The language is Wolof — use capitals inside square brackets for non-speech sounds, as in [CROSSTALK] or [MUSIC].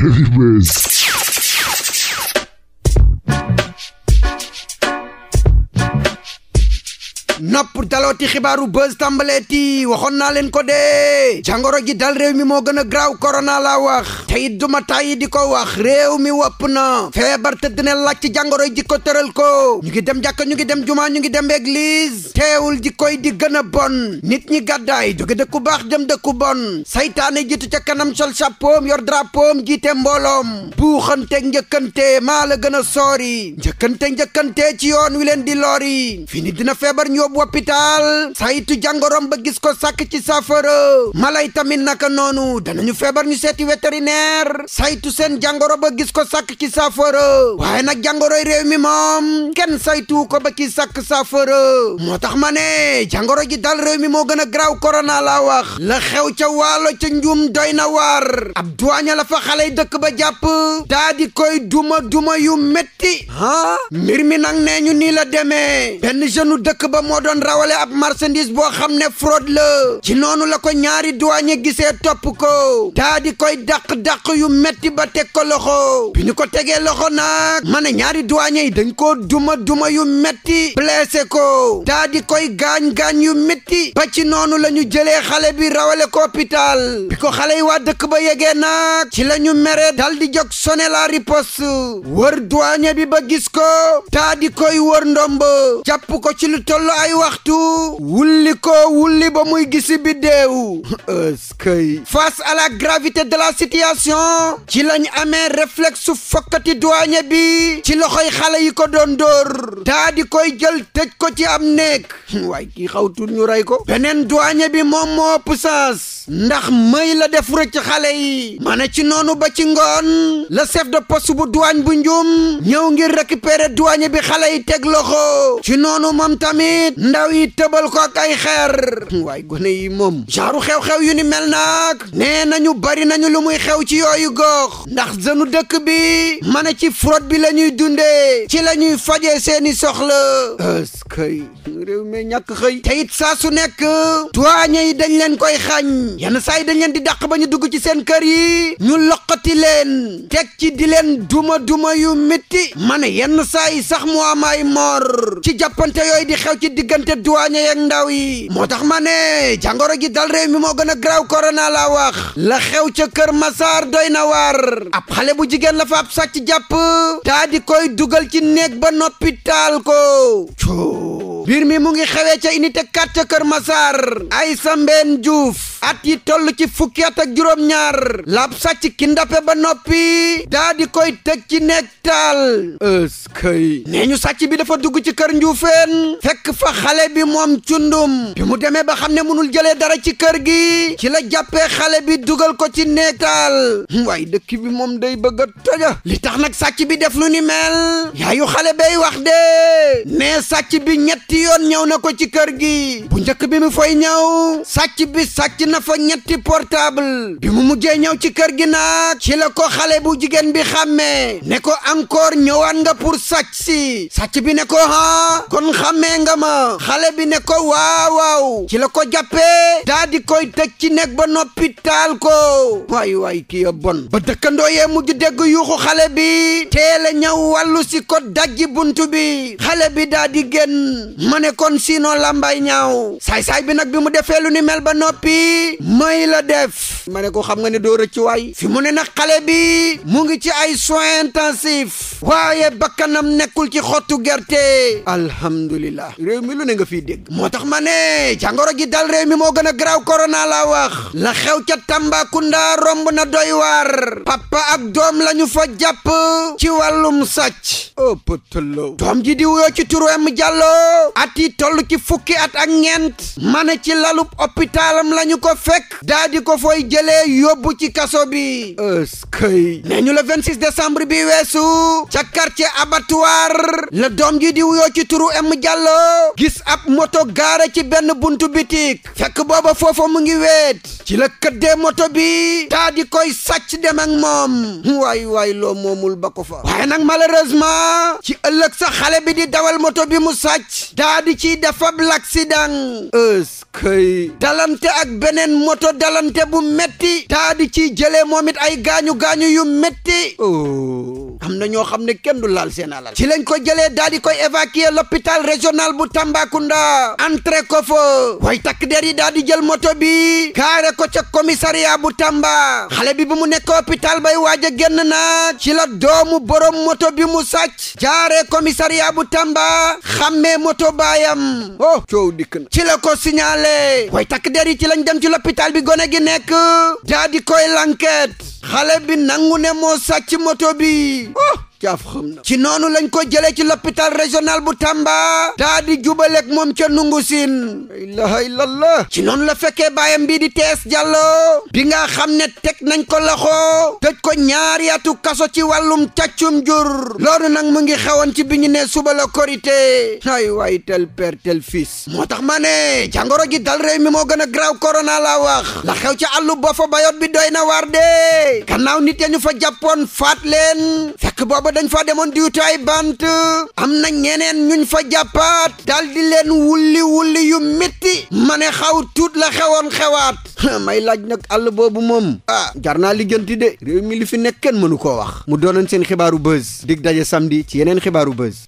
Heavyweights. nopp dalooti xibaaru buzz tàmbaleeti waxoon naa leen ko dee jàngoro ji dal réew mi moo gën a graaw korona la wax te it duma tàyyi di ko wax réew mi wopp na feebar tëdd ne laaj ci jàngoro ji ko tëral ko ñu ngi dem jakka ñu ngi dem jumaa ñu ngi dem église teewul ji koy di gën a bon nit ñi gàddaay jóge dëkku baax dem dëkku bon saytaane jiitu ca kanam sol chapeau yor drapeau te mbooloom buuxanteeg njëkkante maa la gën a soori njëkkante njëkkante ci yoon wi leen di loori fini dina feebar ñoo yóbbu hôpital saytu jàngorom ba gis ko sàkk ci saafara mala tamit naka noonu danañu feebar ñu seeti vétérinaire saytu seen jàngoro ba gis ko sàkk ci saafara nag jàngoroy réew mi moom kenn saytuwu ko ba ki sàkk saafara moo tax ma ne jàngoro ji dal réew mi moo gën a graaw corona la wax la xew ca waalo ca njuum doy na waar ab duwaaña la fa xale yi dëkk ba jàpp daa di koy duma duma yu metti ah, mbir mi nag nee ñu nii la demee benn jeune dëkk ba moo moo doon rawale ab marchandise boo xam ne fraude la ci noonu la ko ñaari douanier gisee topp ko daa di koy dàq-dàq yu metti ba teg ko loxo bi ñu ko tegee loxo nag ma ne ñaari douanier yi dañ koo duma duma yu metti blessé ko daa di koy gaañ-gaañ yu metti ba ci noonu la ñu jëlee xale bi rawale ko hôpital bi ko xale yi waa dëkk ba yegee nag ci la ñu mere dal di jóg sonné la riposte wër douanier bi ba gis ko daa di koy wër ndomb jàpp ko ci lu tollu ay ay waxtu wulli ko wulli ba muy gisi biddéew [LAUGHS] eskay face à la gravité de la situation ci lañ amee réflexe su fokkati douanier bi ci loxo yi xale yi ko doon dóor daa di koy jël tëj ko ci am néeg [LAUGHS] waaye kii xawtul ñu rey ko beneen douanier bi moom moo ëpp sens ndax may la def rek ci xale yi ma ne ci noonu ba ci ngoon la chef de poste bu douane bu njum ñëw ngir récupérer douanier bi xale yi teg loxo ci noonu moom tamit ndaw yi tëbal ko kay xeer waaye gone yi moom genre xew-xew yu ni mel nag nee nañu bari nañu lu muy xew ci yooyu gox ndax jënu dëkk bi mën a ci fraude bi la ñuy dundee ci la ñuy fajee seeni soxla askay réew mi ñàkk xëy te saa su nekk tuwaañe yi dañ leen koy xañ yenn saa yi dañ leen di dàq ba ñu dugg ci seen kër yi ñu loqati leen teg ci di leen duma duma yu métti ma ne yenn saa yi sax mu am ay moor ci jàppante yooyu di xew ci digg diggante douanier yeeg ndaw yi moo tax ma ne jàngoro ji dal réew mi moo gën a graw korona laa wax la xew ca kër Masaar doy na waar ab xale bu jigéen la fa ab sàcc jàpp daa di koy dugal ci néeg ba noppi taal ko mbir mi mu ngi xewee ca unité 4 ca Kër Massar Aïssa Mbène Diouf at yi toll ci fukki at ak juróom-ñaar laab sàcc ki ndape ba noppi daa di koy tëj ci nekk taal ëskay nee ñu sàcc bi dafa dugg ci kër Njuufeen fekk fa xale bi moom cundum bi mu demee ba xam ne mënul jëlee dara ci kër gi ci la jàppee xale bi dugal ko ci nekk taal hmm, waaye dëkk bi moom day bëgg a toja li tax nag sàcc bi def lu ni mel yaayu xale bay wax de nee sàcc bi ñetti ñetti yoon ñëw na ko ci kër gi bu njëkk bi mu fay ñaw sàcc bi sàcc na fa ñetti portable bi mu mujjee ñaw ci kër gi nag ci la ko xale bu jigéen bi xàmmee ne ko encore ñëwaan nga pour sàcc si sàcc bi ne ko ha kon xàmmee nga ma xale bi ne ko waaw ci la ko jàppee daa di koy tëj ci nekk ba noppi taal ko waay waay kii ya bon ba dëkkandoo yee mujj dégg yuuxu xale bi teel a ñëw wàllu si ko dajji buntu bi xale bi daa di génn ma ne kon sinon lambay ñaaw saay-saay bi nag bi mu defee lu ni mel ba noppi may la def ma ne ko xam nga ne doo rëcc waay fi mu ne nag xale bi mu ngi ci ay soins intensifs waaye bakkanam nekkul ci xottu gerte alhamdulilah réew mi lu ne nga fiy dégg moo tax ma ne jàngoro gi dal réew mi moo gën a garaaw corona laa wax la xew ca Tambacounda romb na doy waar papa ak doom lañu fa jàpp ci wàllum sàcc ëpp tëlloo doom ji di wuyoo ci turu M at yi toll ci fukki at ak ñeent ma ci lalub hôpitalam lañu ko fekk daa di ko fooy jëlee yóbbu ci kaso bi eskay nee ñu le 26 décembre bi weesu ca quartier abattoir la doom ji di wuyoo ci turu M Diallo gis ab moto gaara ci benn buntu bitik fekk booba foofa mu ngi weet ci la këddee moto bi daa di koy sàcc dem ak moom waay waay loo moomul ba ko fa waaye nag malheureusement ci ëllëg sa xale bi di dawal moto bi mu sàcc daa di ciy defab l'accident eskay dalante ak beneen moto dalante bu metti daa di ciy jëlee moom it ay gaañu-gaañu yu metti oh. am na ñoo xam ne kenn du laal seen laal ci lañ ko jëlee daal di koy évacuer l'hôpital régional bu Tambacounda entré ko fa way takk der yi daal di jël moto bi kaare ko ca commissariat bu Tamba xale bi bu mu nekk hôpital bay waaj a génn nag ci la doomu borom moto bi mu sàcc jaare commissariat bu Tamba xammee moto baayam oh coow dikk na ci la ko signalé way takk der yi ci lañ dem ci l'hôpital bi gone gi nekk daal di koy l'enquête xale bi nangu ne moo sàcc moto bi Oh! caaf ci noonu lañ ko jële ci l'hôpital régional bu Tamba daa di jubaleeg moom ca nungu siin ilaha illallah ci noonu la fekkee baayam bii di tees jàllo bi nga xam ne tek nañ ko loxo tëj ko ñaari atu kaso ci wàllum càccum jur loolu nag mu ngi xewoon ci bi ñu ne suba la korité ay waay tel tel fils moo tax ma ne jàngoro ji dal réew mi moo gën a graw corona laa wax la xew ci àllu boo bayoot bi doy na waar de gannaaw nit ya fa jàppoon faat leen fekk booba dañ fa demoon diwtu ay bant am na ñeneen ñuñ fa jàppaat dal di leen wulli wulli yu métti ma ne xaw tuut la xewoon xewaat [LAUGHS] may laaj nag àll boobu moom ah jar naa ligganti de réew mi li fi nekk kenn mënu koo wax mu doonoon seen xibaaru buzz dig daje samedi ci yeneen xibaaru buzz